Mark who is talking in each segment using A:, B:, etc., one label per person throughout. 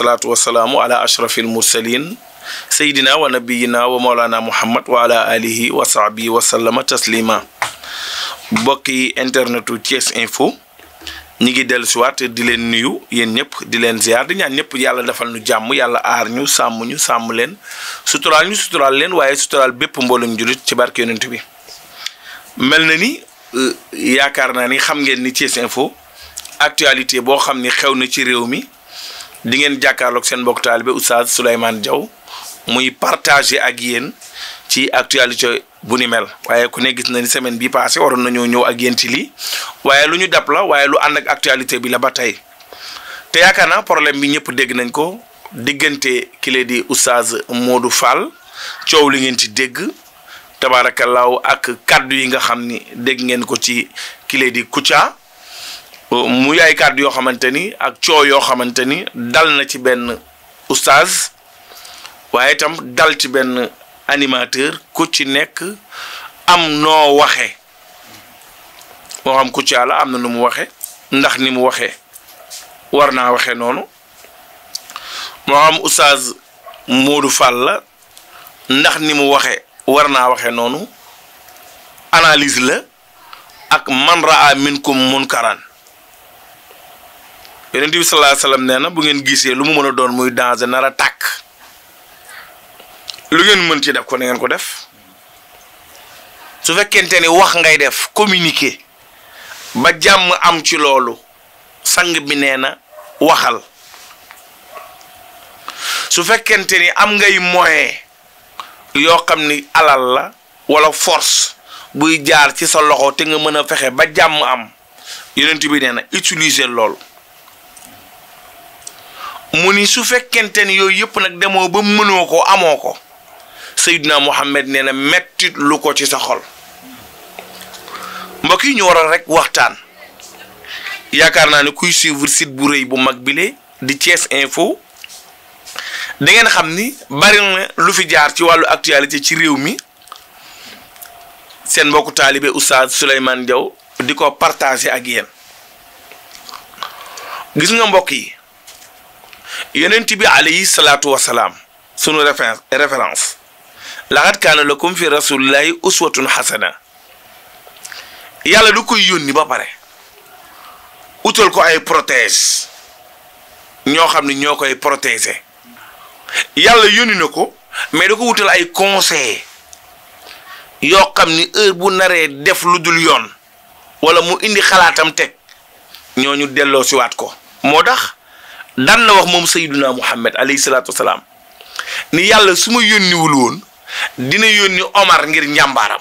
A: wasalaatu wasalaamu ala ashrafil mursalin sayidina wa nabiyina wa mawlana muhammad wa ala alihi wa sahbihi wa sallama taslima bokki internetu Thiès info ñi ngi dellu siwaat di leen nuyu yéen ñëpp di leen ziar di ñaan ñëpp yàlla defal ñu jàmm yàlla aar ñu sàmm ñu sàmm leen suturaal ñu suturaal leen waaye suturaal bépp mboolum julit ci barke yonent bi mel na ni euh, yaakaar naa ni xam ngeen ni Thiès info actualité boo xam ni xew na ci réew mi di ngeen jàkkaarloog seen mbokk taalibe oustaz Souleymane jaw muy partagé ak yéen ci actualité bu ni mel waaye ku ne gis na ni semaine bi passé waroon nañoo ñëw ak yéen ci lii waaye lu ñu dab la waaye lu ànd ak actualité bi la ba tey te yaakaar naa problème bi ñëpp dégg nañ ko diggante ki di di oustaz du Fall coow li ngeen ci dégg tabaarakallaahu ak kàddu yi nga xam ni dégg ngeen ko ci ki lee di Kouthia muy ay kàddu yoo xamante ni ak coow yoo xamante ni dal na ci benn oustaz waaye itam dal ci benn animateur ku ci nekk am noo waxe moo xam ku ci yàlla am na nu mu waxe ndax ni mu waxee war naa waxe noonu moo xam oustaz Modou Fall la ndax ni mu waxe war naa waxe noonu analise la ak man raa minkum munkaran yonent bi sallallahu alayhi nee na bu ngeen gisee lu mu mën a doon muy danger nara tàkk lu ngeen mën ci def ko na ngeen ko def su fekkente ni wax ngay def communiquer ba jàmm am ci loolu sang bi nee na waxal su fekkente ni am ngay moyen yoo xam ni alal la wala force buy jaar ci sa loxo te nga mën a fexe ba jàmm am yonent bi nee na utiliser loolu mu ni su fekkente ni yooyu yëpp nag demoo ba mënoo ko amoo ko Seydina Muhammad nee na mettit lu ko ci sa xol mbokk yi ñu waral rek waxtaan yaakaar naa ne kuy suivre site bu rëy bu mag bile di Thiès Info da ngeen xam ni bari lu fi jaar ci wàllu actualité ci réew mi seen mbokku taalibe Oustaz Souleymane Diaw di ko partagé ak yéen gis nga mbokk yi. yonent bi alayhi salaatu wasalaam sunu référence référence laxat kaana lakum fi rasulillahi uswatun xasana yàlla du koy yónni ba pare utal ko ay protège ñoo xam ne ñoo koy protéger yàlla yónni na ko mais da ko wutal ay conseil yoo xam ni heure bu naree def lu dul yoon wala mu indi xalaatam teg ñooñu delloo siwaat ko moo tax daan na wax moom sayyiduna muhammad alayhi salaatu wasalaam ni yàlla suma ma yónniwul dina yónni omar ngir njàmbaaram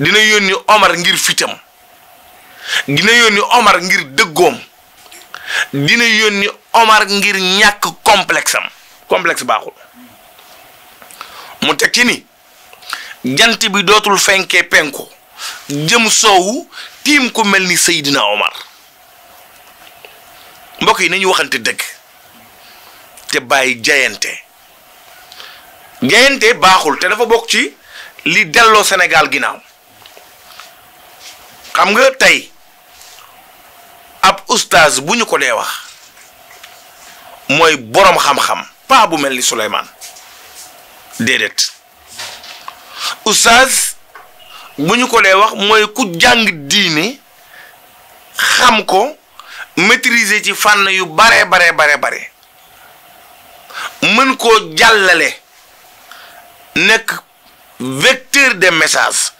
A: dina yónni omar ngir fitam dina yónni omar ngir dëggoom dina yónni omar ngir ñàkk complexe am baaxul mu teg jant bi dootul fenkee penku jëm soowu tiim ku mel ni sëydina Omar mbokk yi nañu waxante dëgg te bàyyi jayante jayante baaxul te dafa bokk ci li delloo Sénégal ginnaaw xam nga tey ab oustaz bu ñu ko dee wax mooy boroom xam-xam paa bu mel ni Souleymane déedéet oustaz bu ñu ko dee wax mooy ku jàng diine xam ko maîtriser ci fànn yu baree baree bare bare mën koo jàllale nekk vecteur de message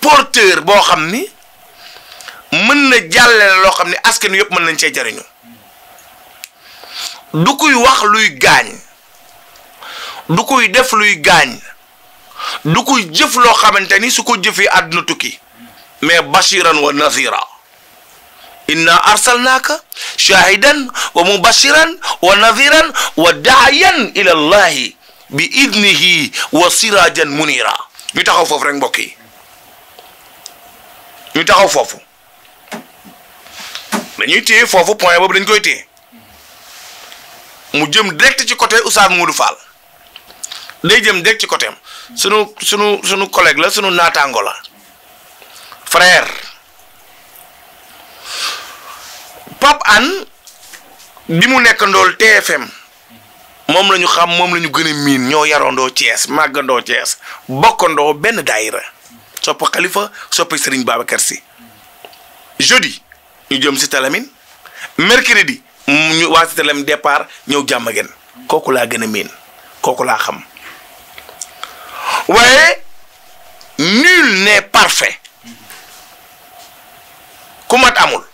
A: porteur boo xam ni mën na jàllale loo xam ni askan yëpp mën nañ cee jariñu du kuy wax luy gaañ du kuy def luy gaañ du kuy jëf loo xamante ni su ko jëfee àdduna tukki mais bashiran wa nasira inna arsalnaaka shaahidan wa mubashiran wa nadhiran wa daayan ila llahi bi idnihi wa sirajan munira ñu taxaw foofu rek mbokk yi ñu taxaw foofu dañuy téye foofu point boobu dañ koy téye mu jëm direct ci côté Oustaz Modou Fall ci côté sunu sunu sunu collègue la sunu naataango la frère Pape Hann bi mu nekk TFM moom lañu xam moom lañu ñu gën a miin ñoo yarandoo Thiès màggandoo Thiès bokkandoo benn daayira soppi Khalifa soppi Serigne Babacar Sy jeudi ñu jëm si Talamine mercredi ñu waa si Talamine départ ñëw jàmm gen kooku laa gën a miin kooku laa xam waaye nul n'est parfait ku mat amul.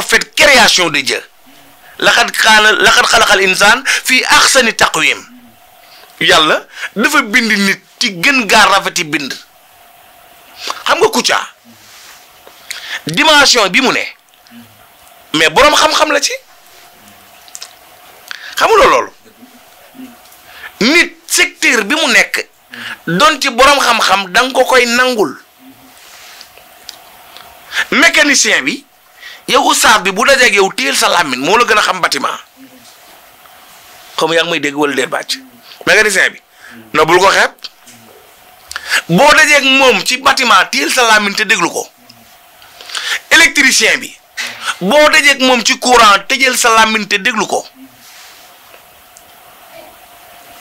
A: parfaite création de Dieu laxat xaana laxat xalaxal insaan fii axsani taqwim yàlla dafa bind nit ci gën gaa rafeti bind xam nga Kouthia dimension bi mu ne mais boroom xam-xam la ci xamuloo loolu nit secteur bi mu nekk doon ci boroom xam-xam da ko koy nangul mécanicien bi yow ustaas bi bu dajeeg yow téel sa làmmiñ moo la gën a xam bâtiment comme yaa ngi may dégg wala déet bàcc mécanicien bi na bul ko xeeb boo dajeeg moom ci bâtiment téel sa làmmiñ te déglu ko électricien bi boo dajeeg moom ci courant tëjël sa làmmiñ déglu ko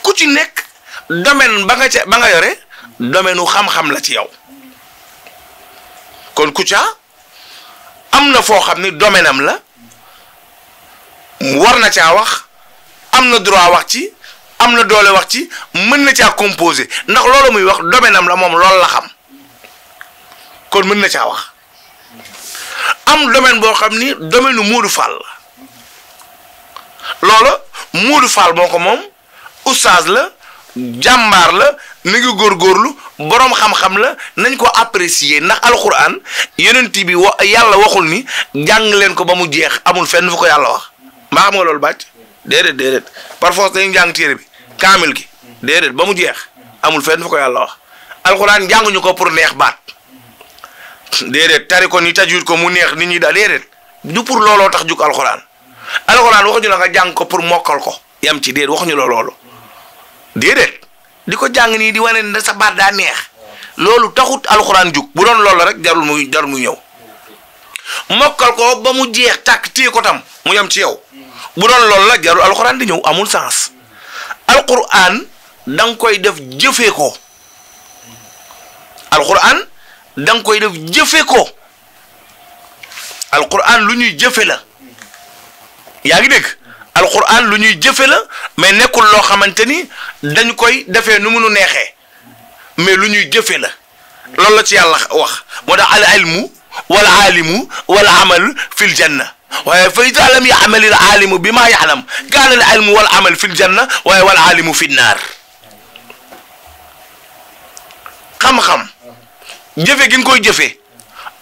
A: ku ci nekk domaine ba nga ca ba nga yore domaine u xam-xam la ci yow kon Kouthia am na foo xam ni domaine am la war na caa wax am na droit wax ci am na doole wax ci mën na caa composer ndax loolu muy wax domaine am la moom loolu la xam kon mën na caa wax am domaine boo xam ni domaine nu Modou Fall la loolu Modou Fall moo ko moom oustaz la jàmbaar la mi góor góorlu boroom xam-xam la nañ ko apprécier ndax alquran yonent bi wa yàlla waxul ni jàng leen ko ba mu jeex amul fenn fu ko yàlla wax maa xam nga loolu bàcc déedéet déedéet jàng téere bi kaamil gi déedéet ba mu jeex amul fenn fu ko yàlla wax alquran jànguñu ko pour neex baat déedéet tari ko ni tajwid ko mu neex ni ñi daal déedéet du pour looloo tax jug alquran alquran waxuñu la nga jàng ko pour mokkal ko yam ci déedéet waxuñu la loolu déedéet di ko jàng nii di wane ne sa baat daa neex loolu taxut alxuraan jug bu doon loolu rek jarul muy jarul mu ñëw mokkal ko ba mu jeex tàkk téye ko tam mu yem ci yow bu doon loolu la jarul alxuraan di ñëw amul sens alxuraan da nga koy def jëfee ko alxuraan da nga koy def jëfee ko alxuraan lu ñuy jëfe la yaa ngi dégg. alquran lu ñuy jëfe la mais nekkul loo xamante ni dañ koy defee nu munu neexee mais lu ñuy jëfe la loolu la ci yàlla wax moo tax al ilmu wal aalimu wal amal fil janna waaye fa ida lam yaamali bi maa yaalam kaana al wal amal fil janna waaye wal aalimu fi naar xam-xam jëfe gi koy jëfe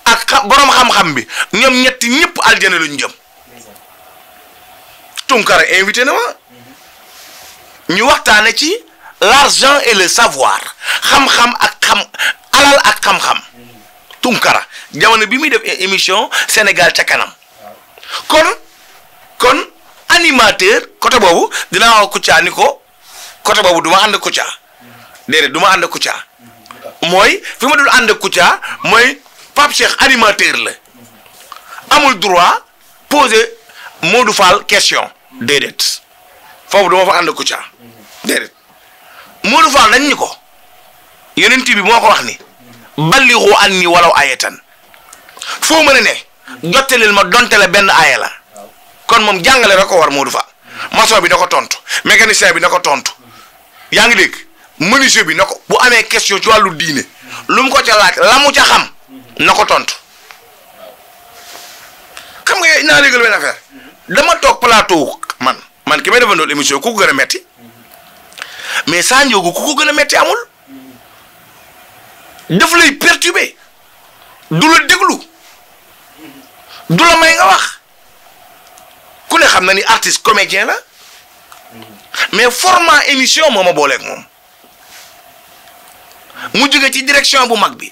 A: ak borom xam-xam bi ñoom ñetti ñëpp aljana lu ñu jëm Tunkara invité na ma ñu waxtaane ci l'argent et le savoir xam-xam ak xam alal ak xam-xam Tunkara jamono bi muy def émission Sénégal ca kanam kon kon animateur côté boobu dinaa wax Kouthia ni ko côté boobu duma ma ànd Kouthia déedéet du ma ànd Kouthia mooy fi ma dul ànd Kouthia mooy Pape Cheikh animateur la amul droit poser Modou Fall question déedéet foofu duma fa ànd Kouthia déedéet Modou Fall dañ ko ko yonent bi moo ko wax ni balligu anni walaw ayatan foo mën a ne jottalil ma donte benn aaya la kon moom jàngale rek ko war Modou Fall maçon bi na ko tontu mécanicien bi na ko tontu yaa ngi dégg menuisier bi na ko bu amee question ci wàllu diine lu mu ko ca laaj la mu ca xam na ko tontu xam nga naa légal benn affaire dama toog plateau ki may defandool émission ku ko gën a metti mais Sa Ndiogou ku ko gën a metti amul daf lay perturber du la déglu du la may nga wax ku ne xam na ni artiste comédien la mais format émission moo ma booleeg moom mu jóge ci direction bu mag bi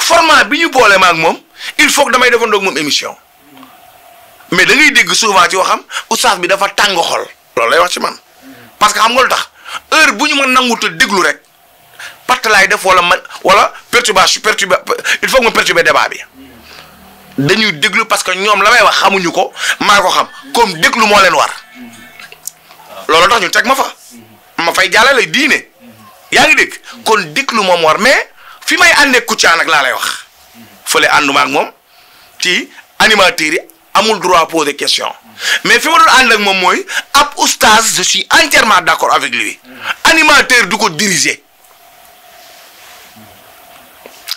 A: format bi ñu boole maak moom il faut damay damay defandoog moom émission mais da ngay dégg souvent ci waxam oustaz bi dafa tàng xol loolu lay wax ci man parce que xam nga lu tax heure bu ñu ma nangut a déglu rek patt laay def wala ma wala perturbation perturba il faut que ma de débat bi dañuy déglu parce que ñoom la may wax xamuñu ko maa ko xam comme déglu moo leen war loolu tax ñu teg ma fa ma fay jàllale diine yaa ngi dégg kon déglu moom war mais fi may àndee Kouthia nag laa lay wax fële ànduma ak moom ci animateurs yi amul droit poser question mais fi ma doon ànd moom mooy ab oustaz je suis entièrement d'accord avec lui animateur du ko diriger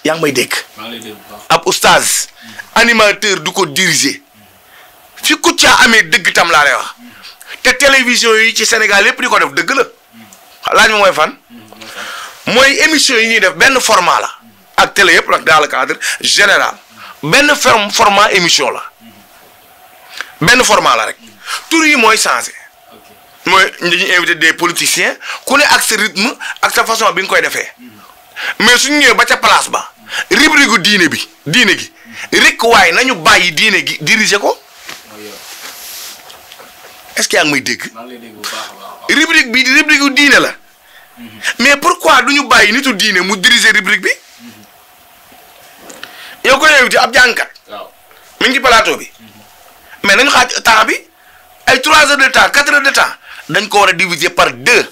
A: yaa ngi may dégg ab oustaz animateur du ko diriger fi Kouthia amee dëgg tam laa lay te télévision yi ci Sénégal yépp di ko def dëgg la laaj ma mooy fan mooy émission yi ñuy def benn format la ak télé yépp nag dans le cadre général benn format émission la benn format la rek tur yi mooy changé mooy dañuy invité des politiciens ku ne ak sa rythme ak sa façon bi nga koy defee mais suñu ñëwee ba ca place ba rubrique diine bi diine gi rek waaye nañu bàyyi diine gi diriger ko oh, est-ce que yaa ngi may dégg rubrique diine la mhm. mais pourquoi duñu bàyyi nitu diine mu diriger rubrique bi mhm. yow ko invité ab jàngkat mi ngi ci plateau bi. mais nañu xaaj temps bi ay 3 heures de temps 4 heures de temps dañ ko war a diviser par deux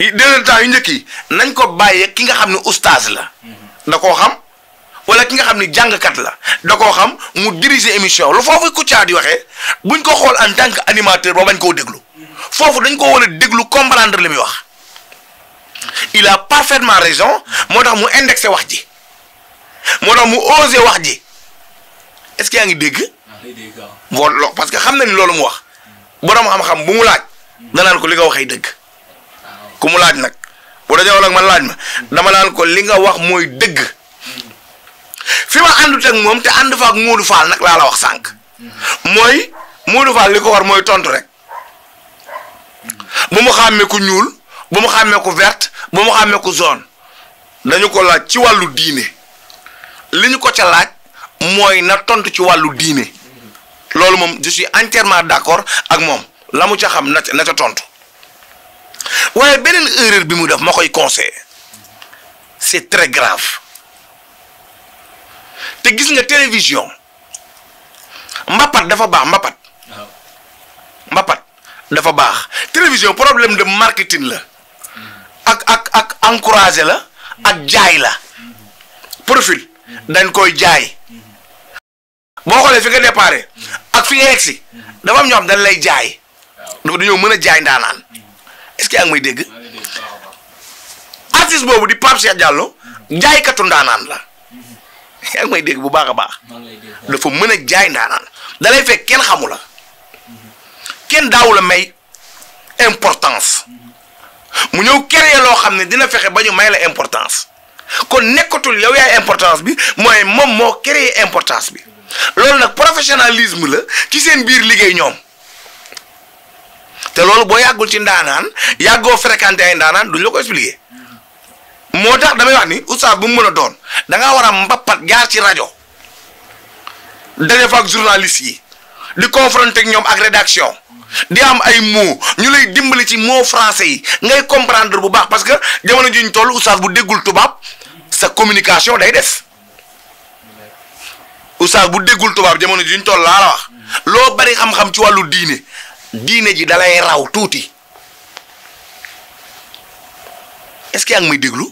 A: yi deux heures de temps yu njëkk nañ ko bàyyee ki nga xam ne oustaz la da koo xam wala ki nga xam ne jàngkat la da koo xam mu diriger émission lu foofu Kouthia di waxee buñ ko xool en tant que animateur ba bañ koo déglu foofu dañ ko war a déglu comprendre li muy wax il a parfaitement raison moo tax mu indexé wax ji moo tax mu osé wax ji est-ce yaa ngi dégg. boo lo parce que xam na ni loolu mu wax borom xam-xam bu mu laaj danaan ko li nga waxee dëgg ku mu laaj nag bu dajoo ma laaj ma dama naan ko li nga wax mooy dëgg fi ma àndut ak moom te ànd fa ak Modou Fall nag wax sànq mooy li ko war mooy tontu rek bu mu xàmmee ku ñuul bu mu xàmmee ku vert bu mu xàmmee ku zone dañu ko laaj ci wàllu diine li ñu ko ca laaj mooy na tontu ci wàllu diine loolu moom je suis entièrement d'accord ak moom la mu ca xam na na ca tontu waaye beneen erreur bi mu def ma koy conseil c'est très grave te gis nga télévision mbapat dafa baax mbapat mbapat dafa baax télévision problème de marketing la ak ak ak encourager la ak jaay la profil dañ koy jaay boo xoolee fi nga départ ak fi nga yegg si dafa am ñoo xam dañ lay jaay dafa dañoo mën a jaay ndaanaan est-ce que may dégg artiste boobu di Pape Cheikh Diallo mm-hmm. jaaykatu ndaanaan la mm-hmm. yaa ngi may dégg bu baax a baax dafa mën a jaay ndaanaan dalay lay fekk kenn xamu la mm-hmm. kenn daawu la may importance mu ñëw créer loo xam ne dina fexe ba ñu may la importance kon nekkatul yow yaay importance bi mooy moom moo créer importance bi. loolu nag professionnalisme la ci seen biir liggéey ñoom te loolu boo yàggul ci ndaanaan yàggoo fréquenté ay ndaanaan duñ la ko expliqué moo tax damay wax ni oustaz bu mu mën a doon da ngaa war a mbappat jaar ci rajo daje fa ak journaliste yi di confronté ak ñoom ak rédaction di am ay mots ñu lay dimbali ci mots français yi ngay comprendre bu baax parce que jamono ji tollu toll bu déggul tubaab sa communication day des oustaz bu déggul tubaab jamono ji ñu toll laa la wax loo bari xam-xam ci wàllu diine diine ji dalay raw tuuti est-ce que yaa ngi may déglu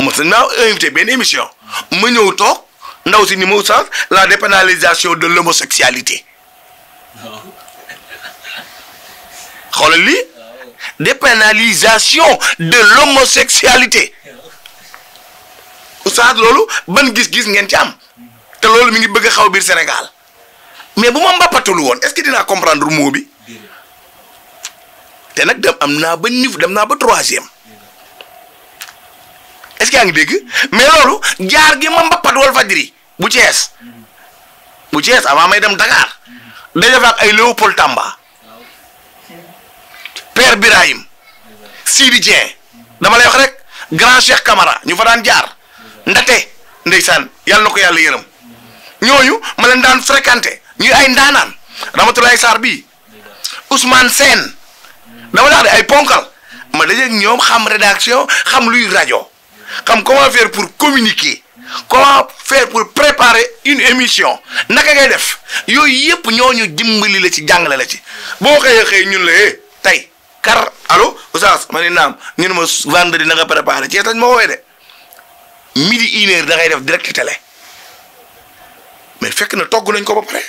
A: mos naa invité benn émission ma ñëw toog ndaw si ni ma oustaz la dépénalisation de l'homosexualité xoolal lii dépénalisation de l'homosexualité oustaz loolu ban gis-gis ngeen ci am te loolu mi ngi bëgg a xaw biir Sénégal mais bu ma mbappatul woon est-ce que dinaa comprendre mot te nag dem am naa ba niveau dem naa ba troisième est-ce que yaa ngi dégg mais loolu jaar gi ma mbappat Walfadjri bu Thiès bu Thiès avant may dem Dakar daja fa ay Léopold Tamba Père Birahim Sidi Dieng dama lay wax rek grand Cheikh Camara ñu fa daan jaar ndate ndeysaan yàlla na ko yàlla yërëm. ñooñu ma leen daan fréquenté ñu ay ndaanaan Ramatulaay Sarr bii Ousmane Sène dama daal di ay ponkal ma dajeeg ñoom xam rédaction xam luy rajo xam comment faire pour communiquer comment faire pour préparer une émission naka ngay def yooyu yëpp ñooñu dimbali la ci jàngale la ci boo xëyee xëy ñun la eh, tey kar allo oustaz ma ne naam ñun ma vendredi na nga préparé ci lañ ma woowee de midi une heure da ngay def direct télé. mais fekk na togg nañ ko ba pare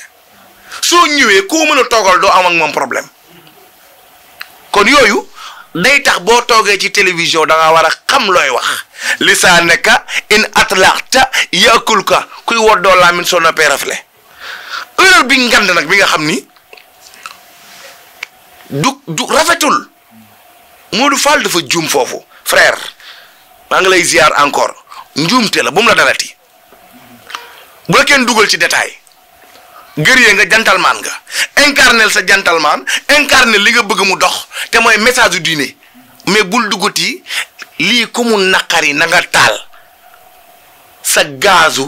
A: soo ñëwee koo mën a toogal doo am ak problème kon yooyu day tax boo toogee ci télévision danga nga war a xam looy wax lisaanaka in atlaxta yakul ka kuy woddoo laamin soo noppee rafle erreur bi ngand nag bi nga xam ni du du rafetul Modou Fall dafa juum foofu frère maa ngi lay ziar encore njuumte la bu la dalati bu la kenn dugal ci détail guerrier nga gentleman nga incarnel sa gentleman incarnel li nga bëgg mu dox te mooy message du diine mais bul duggati lii ku mu naqari na nga taal sa gaasu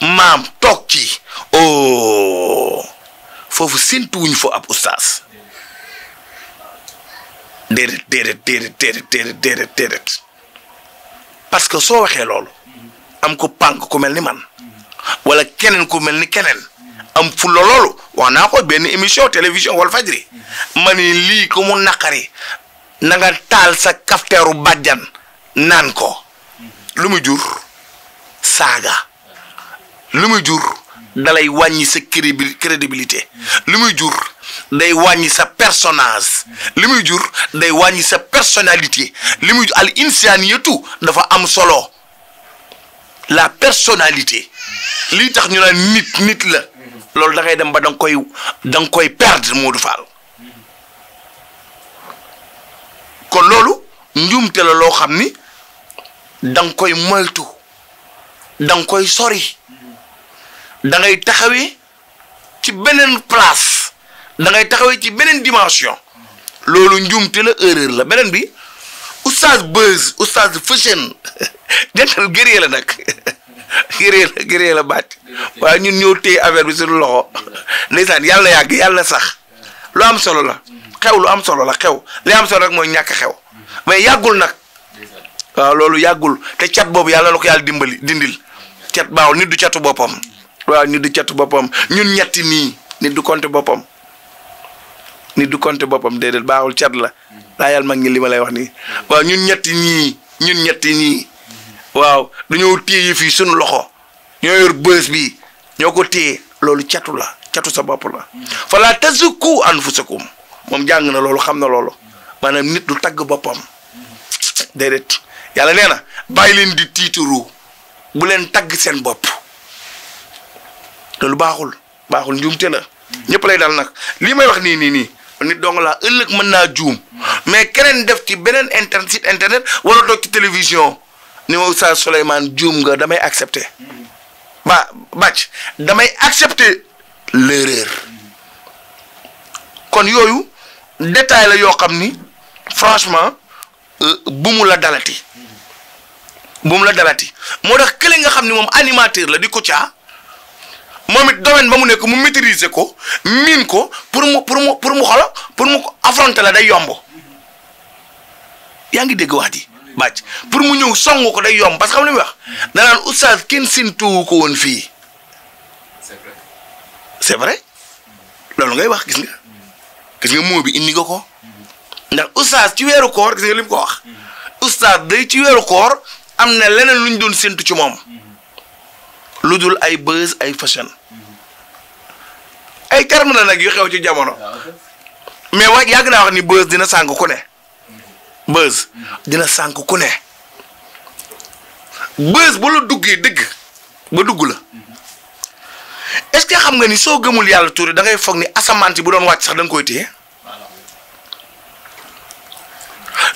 A: maam toog ci oh foofu séntuwuñ fo ab ustaas déedéet déedéet déedéet déedéet déedéet déedéet parce que soo waxee loolu am ko pànk ku mel ni man wala keneen ku mel ni keneen am fulla loolu wax naa ko benn émission télévision wal fajri ma ni lii ku mu naqari na taal sa kafteeru bàjjan naan ko lu mu jur saaga lu muy jur dalay wàññi sa crédibilité lu muy jur day wàññi sa personnage li muy jur day wàññi sa personnalité li muy al insaaniyatu dafa am solo la personnalité lii tax ñu naan nit nit la loolu dangay dem ba da koy da nga koy perdre Modou kon loolu te la loo xam ni da koy moytu da nga koy sori da ngay taxawee ci beneen place da taxawee ci beneen dimension loolu njuumte la erreur la beneen bi oustaz Beuz oustaz Fashion dental gëree la nag gëree la gëree la baat waaye ñun ñoo téye affaire bi suñu loxo ndeysaan yàlla yàgg yàlla sax lu am solo la xew lu am solo la xew li am solo rek mooy ñàkk xew mais yàggul nag waaw loolu yàggul te cat boobu yàlla na ko yàlla dimbali dindil cat baaw nit du catu boppam waaw nit catu boppam ñun ñetti nii nit du compte boppam nit du compte boppam déedéet baaxul cat la daa yàlla wax nii ñun ñetti ñii waaw dañoo téye fii suñu loxo ñoo yor bës bi ñoo ko téye loolu catu la catu sa bopp la fala tazakku anfusakum moom jàng na loolu xam na loolu maanaam nit du tagg boppam déedéet yàlla nee na bàyyi leen di tiituru bu leen tagg seen bopp loolu baaxul baaxul njuumte la ñëpp lay daal nag lii may wax nii nii nii nit dong laa ëllëg mën naa juum mais keneen def ci beneen internet site internet wala toog télévision ni ma Oustaz Souleymane juum nga damay accepter ba bàcc damay accepter l'erreur kon yooyu détail la yoo xam ni franchement euh, bu la dalati bu mu la dalati moo tax kële nga xam ni moom animateur la di Kouthia moom it domaine ba mu nekk mu maîtriser ko miin ko pour mu pour mu pour mu xola pour mu affronter la day yomb yaa ngi dégg wax ji bàcc pour mu ñëw song ko day yomb parce que la li muy wax danaan oustaz kenn séntuwu ko woon fii c'est vrai loolu ngay wax gis nga gis nga mu bi indi nga ko ndax oustaz ci weeru koor gis nga li ko wax mm-hmm. oustaz day ci weeru koor am na leneen lu ñu doon séntu ci moom mm-hmm. lu dul ay buzz ay fashion mm-hmm. ay terme la nag yu xew ci jamono ah, mais wax yàgg naa wax ni buzz dina sàng ko ne bës dina sànq ku ne bës bu duggee dëgg ba dugg la est-ce que xam nga ni soo gëmul yàlla tuure da ngay foog ni asamaan si bu doon wàcc sax da nga koy téye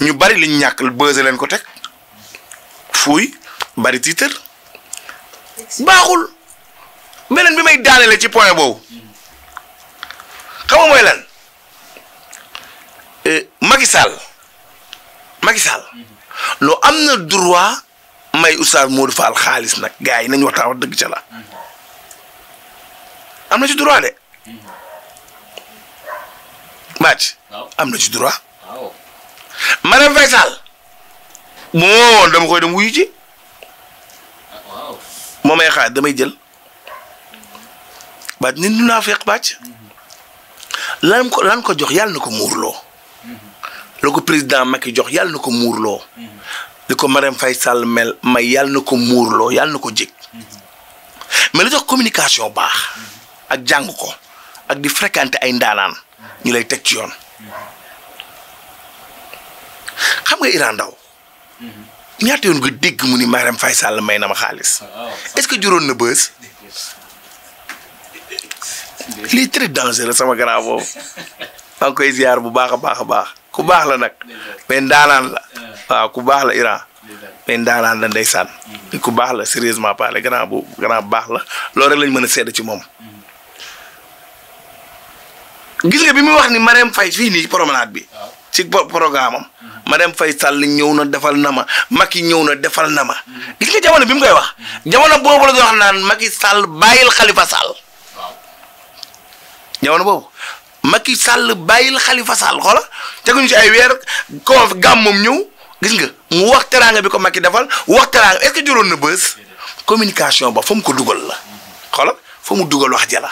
A: ñu bari liñ ñàkk bëse leen ko teg fuuy bari tiitër baaxul beneen bi may daanele ci point boobu xam nga mooy Macky Sall loo am na droit may oustaz Modou Fall xaalis nag gars yi nañ waxtaan wax dëgg ca am na ci droit de Mbacke. am na ci droit. waaw Marème Faye Sall bu ma dama koy dem wuyu ji. waaw moo may xaalis damay jël Mbacke nit ñi naa mhm. lan ko lan ko jox yàlla na ko muurloo. la président maki jox yàlla na ko muurloo. li ko Marème fay Sall mel may yàlla na ko muurloo yàlla na ko jég. mais la jox communication baax. ak jàng ko ak di fréquenter ay ndaanaan ñu lay teg ci yoon. xam nga Iran Ndao ñaata yoon nga dégg mu ni Marème fay Sall may na ma xaalis est-ce que juróon na bës lii très dangereux sama grand boobu maa ngi koy ziar bu baax a baax a baax ku baax la nag mais ndaanaan la waaw ku baax la Iran mais la ndeysaan mm-hmm. ku baax la sérieusement parlé grand bu baax la loolu rek lañ mën a sedd ci moom. Mm-hmm. gis nga bi muy wax ni Marème fay fii nii promenade bi. ci programme am. Mm-hmm. fay sal Sall ñëw na defal na ma Macky ñëw na defal na ma. gis nga jamono bi mu koy wax. jamono boobu la doon wax naan Macky Sall bàyyil Khalifa Sall. jamono boobu Macky Sall bàyyil Khalifa Sall xoola teguñu ci ay weer ko moom ñëw gis nga mu wax teraanga bi ko Macky defal wax teraanga est-ce que na bës communication ba fa mu ko dugal la xoola fa mu dugal wax jala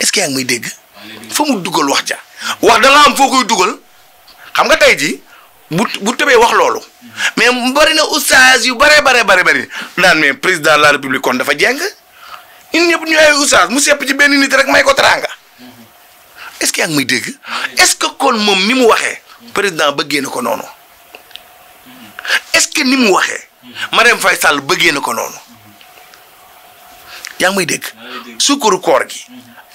A: est-ce dégg fa mu dugal wax ja wax dala am foo koy dugal xam nga tey ji bu bu tëbee wax loolu mais bari na oustaz yu bare bare bare bari daan mais président de la république kon dafa jeng ñun ñëpp ñu ay oustaz mu sepp ci benn nit rek may ko teraanga est-ce que yaa ngi may dégg est-ce que kon moom ni mu waxee président bëggee ko noonu est-ce que ni mu waxee Marème Faye Sall bëggee na ko noonu yaa ngi may dégg sukkaru koor gi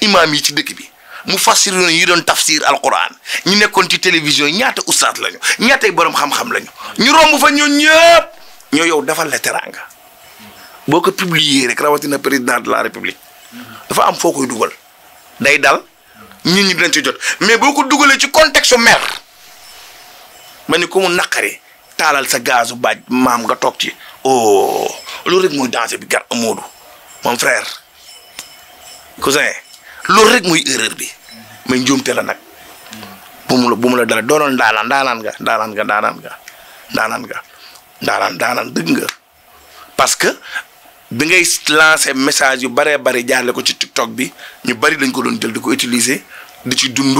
A: imaam yi ci dëkk bi mu fassiroon yi doon tafsir alquran ñu nekkoon ci télévision ñaata oustaz lañu ñaatay borom xam-xam lañu ñu romb fa ñoo ñëpp ñoo yow defal la teraanga boo ko publier rek rawatina président de la république dafa am foo koy dugal day dal nit ñi dinañ ci jot mais boo ko dugalee ci contexte mer ma ni ko mu naqari taalal sa gazu baaj maam nga toog ci oh loolu rek mooy danger bi gar amoodu mon frère cousin loolu rek mooy erreur bi mais njuumte la nag bu mu la bu mu la dara doonoon daanaan ndaanaan nga daanaan nga daanaan nga daanaan dëgg nga parce que bi ngay lancé message yu baree bari jaarle ko ci TikTok bi ñu bari dañ ko doon jël di ko utiliser di ci dund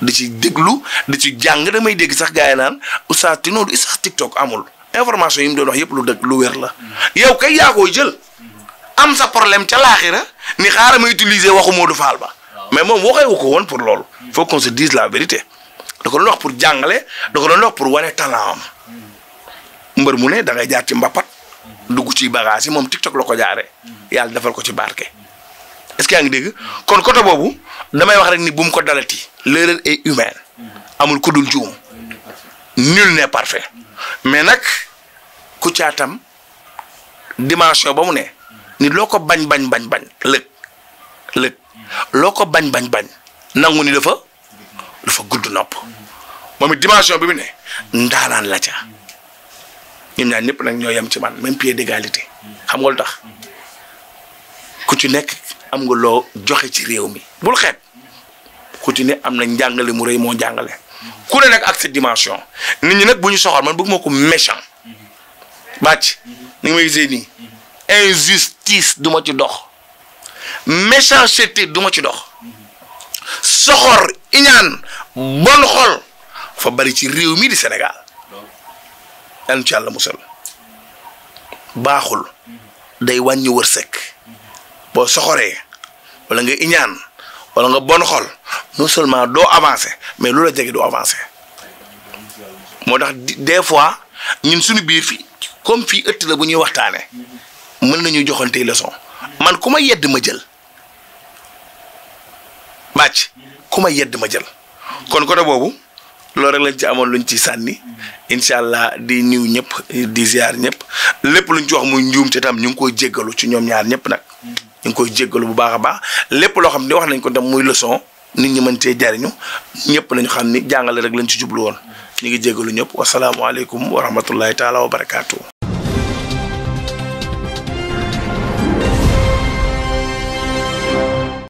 A: di ci déglu di ci jàng damay dégg sax gars yi naan oustaz Tino oustaz TikTok amul information yi mu doon wax yëpp lu dëgg lu wér la yow kay yaa koy jël am sa problème ca laaxira ni xaaral ma utiliser waxu Modou Fall ba mais moom waxee wu ko woon pour loolu. faut qu'on se dise la vérité da ko doon wax pour jàngale da ko doon wax pour wane talent am hmm. mbër mu ne da ngay dugg ci bagage yi moom TikTok la ko jaare yàlla defal ko ci barke. est-ce que yaa ngi dégg kon côté boobu damay wax rek ni bu mu ko dalati l'erreur est humaine amul ku dul juum nul n'est parfait mais nag ku caatam dimension ba mu ne ni loo ko bañ bañ bañ bañ lëg lëg ko bañ bañ bañ nangu ni dafa dafa gudd nopp moom it dimension bi mu ne ndaanaan la ñoom ñaar ñëpp nag ñoo yem ci man même pied d'égalité xam nga lu tax ku ci nekk am nga loo joxe ci réew mi bul xeeb ku ci ne am na njàngale mu rëy moo njàngale ku ne nag ak sa dimension nit ñi nag bu ñu soxor man bëgg moo ko méchant bàcc ni nga may gisee nii injustice du ma ci dox méchanceté du ma ci dox soxor iñaan bon xol fa bari ci réew mi di Sénégal yàlla ci yàlla musal baaxul day wàññi wërsëg boo soxoree wala nga iñaan wala nga bon xol non seulement doo avancé mais lu la jege doo avancé moo tax des fois ñun suñu biir fi comme fii ëtt la bu ñuy waxtaane mën nañu joxante leçon man ku ma yedd ma jël màcc ku ma yedd ma jël kon côté boobu loolu rek lañ ci amoon luñ ci sànni incha allah di niw ñëpp di ziar ñëpp lépp luñ ci wax muy njuum te tam ñu ngi koy jéggalu ci ñoom ñaar ñëpp nag ñu ngi koy jéggalu bu baax a baax lépp loo xam ne wax nañ ko tam muy leçon nit ñi mën cee jariñu ñëpp lañu xam ni jàngale rek lañ ci jublu woon ñu ngi jéggalu ñëpp wasalaamualeykum wa rahmatullahi taala wa barakaatu.